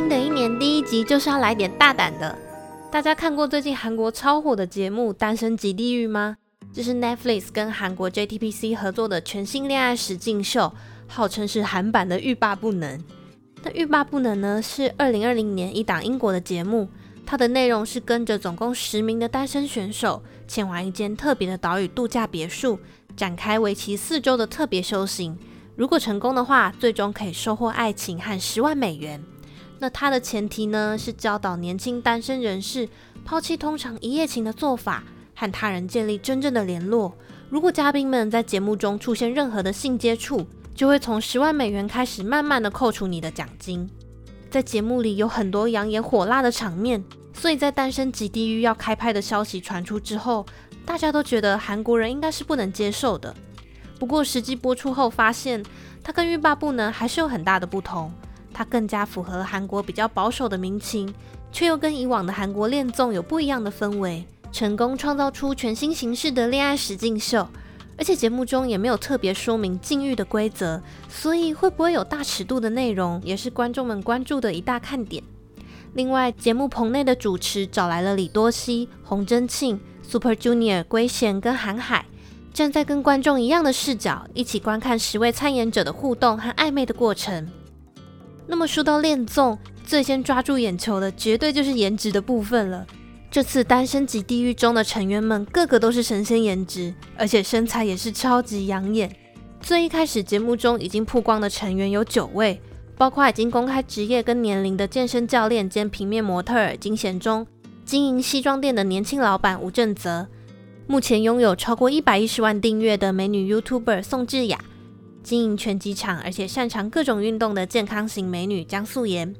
新的一年第一集就是要來點大膽的。大家看過最近韓國超火的節目《單身即地獄》嗎？這是 Netflix 跟韓國 JTBC 合作的全新戀愛實境秀，號稱是韓版的《欲罷不能》。那《欲罷不能》呢，是2020年一檔英國的節目，它的內容是跟着總共十名的單身選手，前往一間特別的島嶼度假別墅，展開為期四周的特別修行。如果成功的話，最終可以收穫愛情和十萬美元。那它的前提呢，是教導年輕單身人士拋棄通常一夜情的做法，和他人建立真正的聯絡。如果嘉賓們在節目中出現任何的性接觸，就會從十萬美元開始慢慢的扣除你的獎金。在節目裡有很多養眼火辣的場面，所以在《單身即地獄》要開拍的消息傳出之後，大家都覺得韓國人應該是不能接受的。不過實際播出後發現，它跟慾罷不能還是有很大的不同。它更加符合韓國比較保守的民情，卻又跟以往的韓國戀綜有不一樣的氛圍，成功創造出全新形式的戀愛實境秀。而且節目中也沒有特別說明禁欲的規則，所以會不會有大尺度的內容，也是觀眾們關注的一大看點。另外，節目棚內的主持找來了李多熙、洪真慶、Super Junior、圭賢跟韓海，站在跟觀眾一樣的視角，一起觀看十位參演者的互動和曖昧的過程。那麼說到戀綜，最先抓住眼球的絕對就是顏值的部分了。這次單身即地獄中的成員們，個個都是神仙顏值，而且身材也是超級養眼。最一開始，節目中已經曝光的成員有九位，包括已經公開職業跟年齡的健身教練兼平面模特金賢中，經營西裝店的年輕老闆吳正澤，目前擁有超過一百一十萬訂閱的美女 YouTuber 宋智雅，經營拳擊場，而且擅長各種運動的健康型美女姜素妍，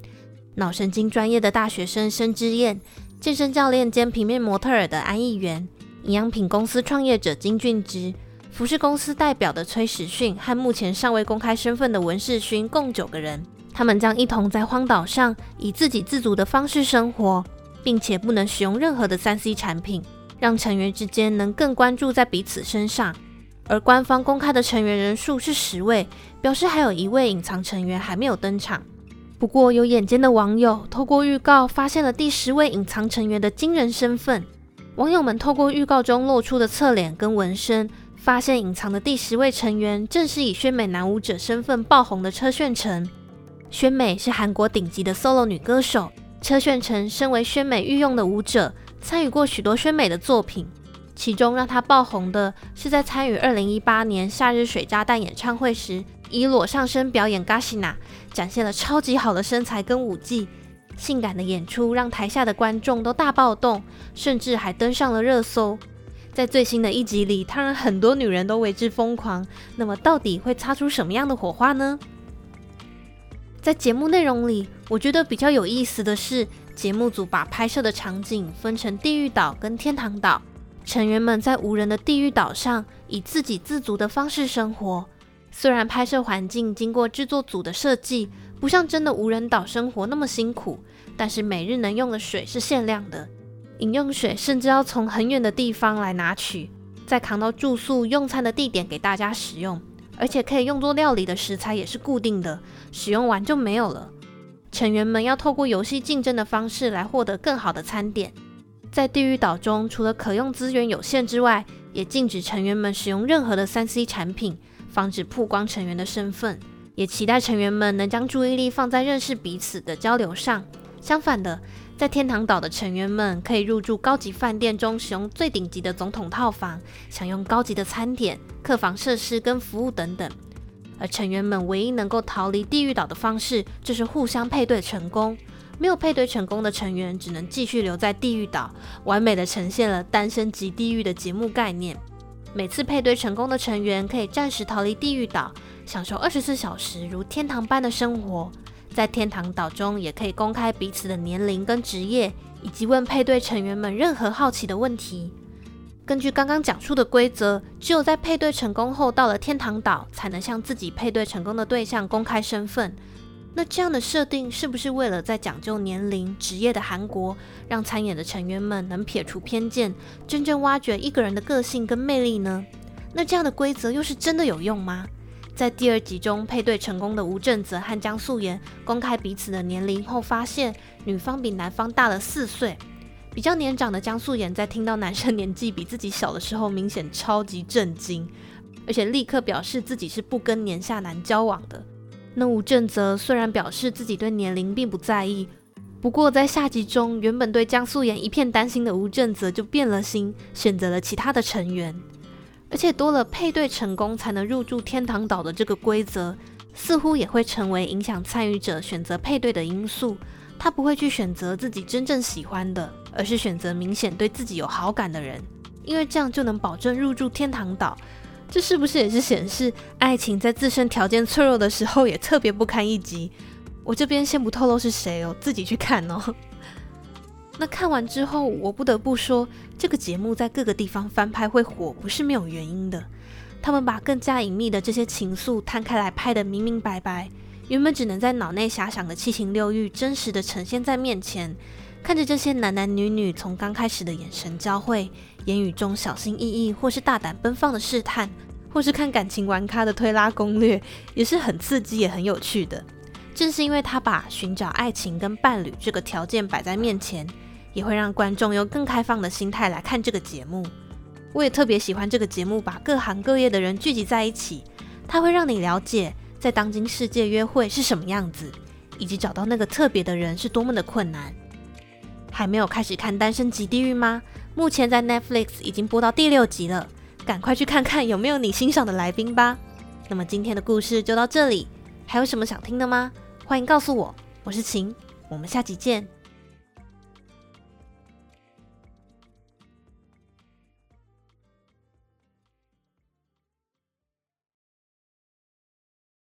腦神經專業的大學生申智燕，健身教練兼平面模特兒的安藝媛，營養品公司創業者金俊植，服飾公司代表的崔時訓和目前尚未公開身份的文世勳，共九個人，他們將一同在荒島上以自給自足的方式生活，並且不能使用任何的三 C 產品，讓成員之間能更關注在彼此身上。而官方公開的成員人數是十位，表示還有一位隱藏成員還沒有登場。不過，有眼尖的網友透過預告發現了第十位隱藏成員的驚人身份。網友們透過預告中露出的側臉跟紋身，發現隱藏的第十位成員正是以宣美男舞者身份爆紅的車炫成。宣美是韓國頂級的 solo 女歌手，車炫成身為宣美御用的舞者，參與過許多宣美的作品。其中讓他爆紅的是，在參與2018年夏日水炸彈演唱會時，以裸上身表演《Gashina》，展現了超級好的身材跟舞技，性感的演出讓台下的觀眾都大暴動，甚至還登上了熱搜。在最新的一集裡，他讓很多女人都為之瘋狂。那麼，到底會擦出什麼樣的火花呢？在節目內容裡，我覺得比較有意思的是，節目組把拍攝的場景分成地獄島跟天堂島。成員們在無人的地獄島上以自給自足的方式生活。雖然拍攝環境經過製作組的設計，不像真的無人島生活那麼辛苦，但是每日能用的水是限量的，飲用水甚至要從很遠的地方來拿取，再扛到住宿用餐的地點給大家使用。而且可以用作料理的食材也是固定的，使用完就沒有了。成員們要透過遊戲競爭的方式來獲得更好的餐點。在地獄島中，除了可用資源有限之外，也禁止成員們使用任何的 3C 產品，防止曝光成員的身份，也期待成員們能將注意力放在認識彼此的交流上。相反的，在天堂島的成員們可以入住高級飯店中使用最頂級的總統套房，享用高級的餐點、客房設施跟服務等等。而成員們唯一能夠逃離地獄島的方式，就是互相配對成功。沒有配對成功的成員只能繼續留在地獄島，完美的呈現了單身即地獄的節目概念。每次配對成功的成員可以暫時逃離地獄島，享受二十四小時如天堂般的生活。在天堂島中，也可以公開彼此的年齡跟職業，以及問配對成員們任何好奇的問題。根據剛剛講述的規則，只有在配對成功後到了天堂島，才能向自己配對成功的對象公開身份。那這樣的設定是不是為了在講究年齡、職業的韓國，讓參演的成員們能撇除偏見，真正挖掘一個人的個性跟魅力呢？那這樣的規則又是真的有用嗎？在第二集中，配對成功的吳正澤和江素妍公開彼此的年齡後，發現女方比男方大了四歲。比較年長的江素妍在聽到男生年紀比自己小的時候，明顯超級震驚，而且立刻表示自己是不跟年下男交往的。那吳正澤雖然表示自己對年齡並不在意，不過在下集中，原本對江素妍一片擔心的吳正澤就變了心，選擇了其他的成員。而且多了配對成功才能入住天堂島的這個規則，似乎也會成為影響參與者選擇配對的因素。他不會去選擇自己真正喜歡的，而是選擇明顯對自己有好感的人，因為這樣就能保證入住天堂島。這是不是也是顯示愛情在自身條件脆弱的時候也特別不堪一擊？我這邊先不透露是誰哦，自己去看哦。 那看完之後，我不得不說，這個節目在各個地方翻拍會火，不是沒有原因的。他們把更加隱秘的這些情愫攤開來拍得明明白白，原本只能在腦內遐想的七情六慾，真實地呈現在面前。看着這些男男女女從剛開始的眼神交匯，言語中小心翼翼，或是大膽奔放的試探，或是看感情玩咖的推拉攻略，也是很刺激也很有趣的。正是因為他把尋找愛情跟伴侶這個條件擺在面前，也會讓觀眾用更開放的心態來看這個節目。我也特別喜歡這個節目，把各行各業的人聚集在一起，它會讓你了解在當今世界約會是什麼樣子，以及找到那個特別的人是多麼的困難。還沒有開始看《單身即地獄》嗎？目前在 Netflix 已經播到第六集了，趕快去看看有沒有你欣賞的來賓吧。那麼今天的故事就到這裡，還有什麼想聽的嗎？歡迎告訴我，我是晴，我們下集見。